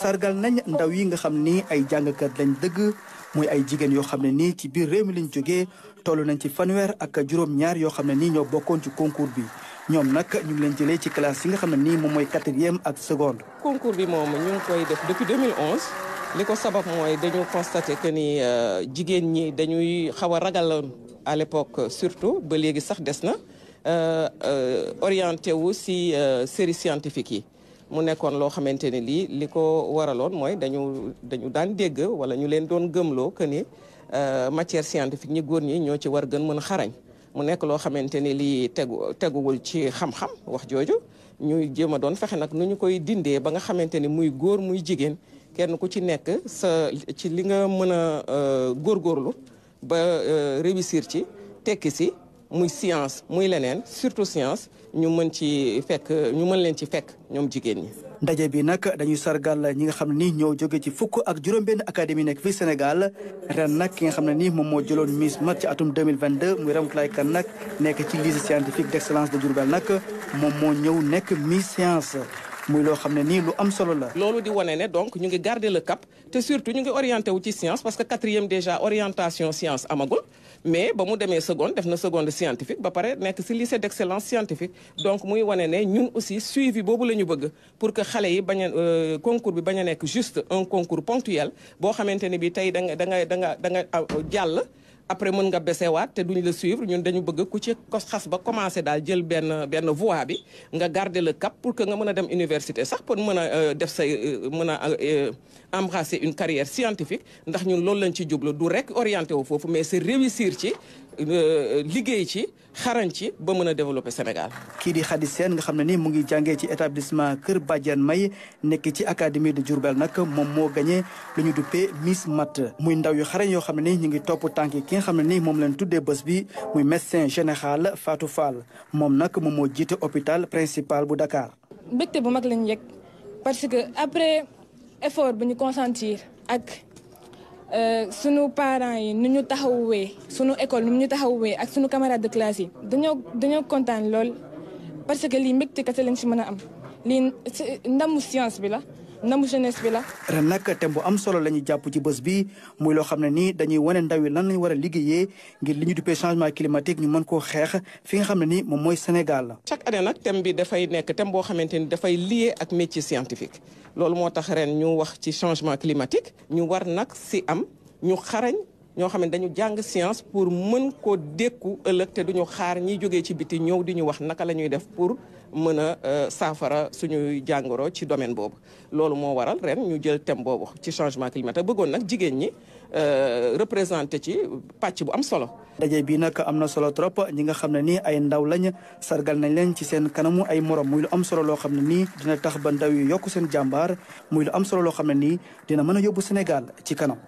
sargal nañ ndaw yi nga xamni ni ay jàngkat lañ deug moy ay jigen yo xamni ni ci bir réew mi lañ joggé tollu nañ ci fanwer ak juróom-ñaar yo xamni ne nii ñoo bokkoon ci concours bi ñom nak ñu ngi leen jëlee ci classe yi nga xamni ne nii moom mooy quatrième ak seconde. concours bi mom ñu ngi koy def depuis 2011 liko sabab moy dañu constaté que ni euh, jigen ñi dañuy xawa ragal à l'époque surtout ba légui sax des na euh, euh, orienté wu ci série scientifique yi. mu nekkoon loo xamante ne lii li ko waraloon mooy dañu dañu daan dégg wala ñu leen doon gëmloo que ni euh, matière scientifique ñi góor ñi ñoo ci war gën mën a xarañ mu nekk loo xamante ni lii tegu teguwul ci xam-xam wax jooju ñu jéem a doon fexe nag nu ñu koy dindee ba nga xamante ni muy góor muy jigéen kenn ku ci nekk ci li nga mën a euh, góorgóorlu ba euh, réussir ci tekki si muy science muy leneen surtout science ñu mën ci fekk ñu mën leen ci fekk ñoom jigéen ñi. ndaje bi nag dañuy sargal ñi nga xam ne nii ñoo jóge ci fukk ak juróom-benn académie nekk fii Sénégal ren nag ki nga xam ne nii moom moo jëloon Miss Mat ci atum 2022 muy Ramatoulaye kan nag nekk ci lycée scientifique d'excellence de Diourbel nag moom moo ñëw nekk Miss Science. muy loo xam ne nii lu am solo la. loolu di wane ne donc ñu ngi garder le cap te surtout ñu ngi orienté wu ci science parce que quatrième déjà orientation science amagul mais ba mu demee seconde def na seconde scientifique ba pare nekk ci lycée d'excellence scientifique. donc muy wane ne ñun aussi suivi boobu la ñu bëgg pour que xale yi bañ a euh, concours bi bañ a juste un concours ponctuel boo xamante ne bi tey da nga da nga da nga da euh, après mën nga besewaat te duñ la suivre ñun dañu bëgg ku ci ko xas ba commencé daal jël benn benn voie bi nga garder la cap pour que nga mën a dem université sax pour mën a euh, def say euh, mën a euh, embrasser une carrière scientifique ndax ñun loolu lañ ci jublu du rek orienté wu foofu mais c'est réussir ci Euh, euh, liggéey ci xarañ ci ba mën a développer Sénégal. kii di Khady seen nga xam ne ni mu ngi jàngee ci établissement Kër Badiane May nekk ci académie de Diourbel nag moom moo gagné lu ñu Miss Mat muy ndaw yu xarañ yoo xam ne ni ñu ngi topp tànk ki nga xam ne ni moom leen tuddee bés bi muy médecin général faatu Fall moom nag moom moo jiite hôpital principal bu Dakar. mbégte bu mag lañ yegg parce que après effort bu ñu consentir ak. Euh, sunu parents yi nu ñu taxawwee sunu école nu ñu taxawwee ak sunu camarade de classe yi dañoo dañoo kontaan lool parce que lii mbégte kese lañ si mën a am. lii ndamu science bi la ndamu jeunesse bi la. ren nag thème bu am solo la ñu jàpp ci bës bi muy loo xam ne nii dañuy wane ndaw yi lan lañu war a liggéeyee ngir li ñu duppee changement climatique ñu mën koo xeex fi nga xam ne nii moom mooy Sénégal. chaque année nag thème bi dafay nekk thème boo xamante ni dafay lié ak métier scientifique loolu moo tax ren ñu wax ci changement climatique ñu war nag si am ñu xarañ. ñoo xam ne dañu jàng science pour mën koo dékku ëllëg te duñu xaar ñi jóge ci biti ñëw di ñu wax naka la ñuy def pour mën a euh, saafara suñuy jàngoro ci domaine boobu. loolu moo waral ren ñu jël thème boobu ci changement climatique bëggoon nag jigéen ñi euh, représenté ci pàcc bu am solo. daje bi nag am na solo trop ñi nga xam ne nii ay ndaw lañ sargal nañ leen ci seen kanamu ay morom muy lu am solo loo xam ne nii dina tax ba ndaw yi yokk seen jàmbaar muy lu am solo loo xam ne nii dina mën a yóbbu Sénégal ci kanam.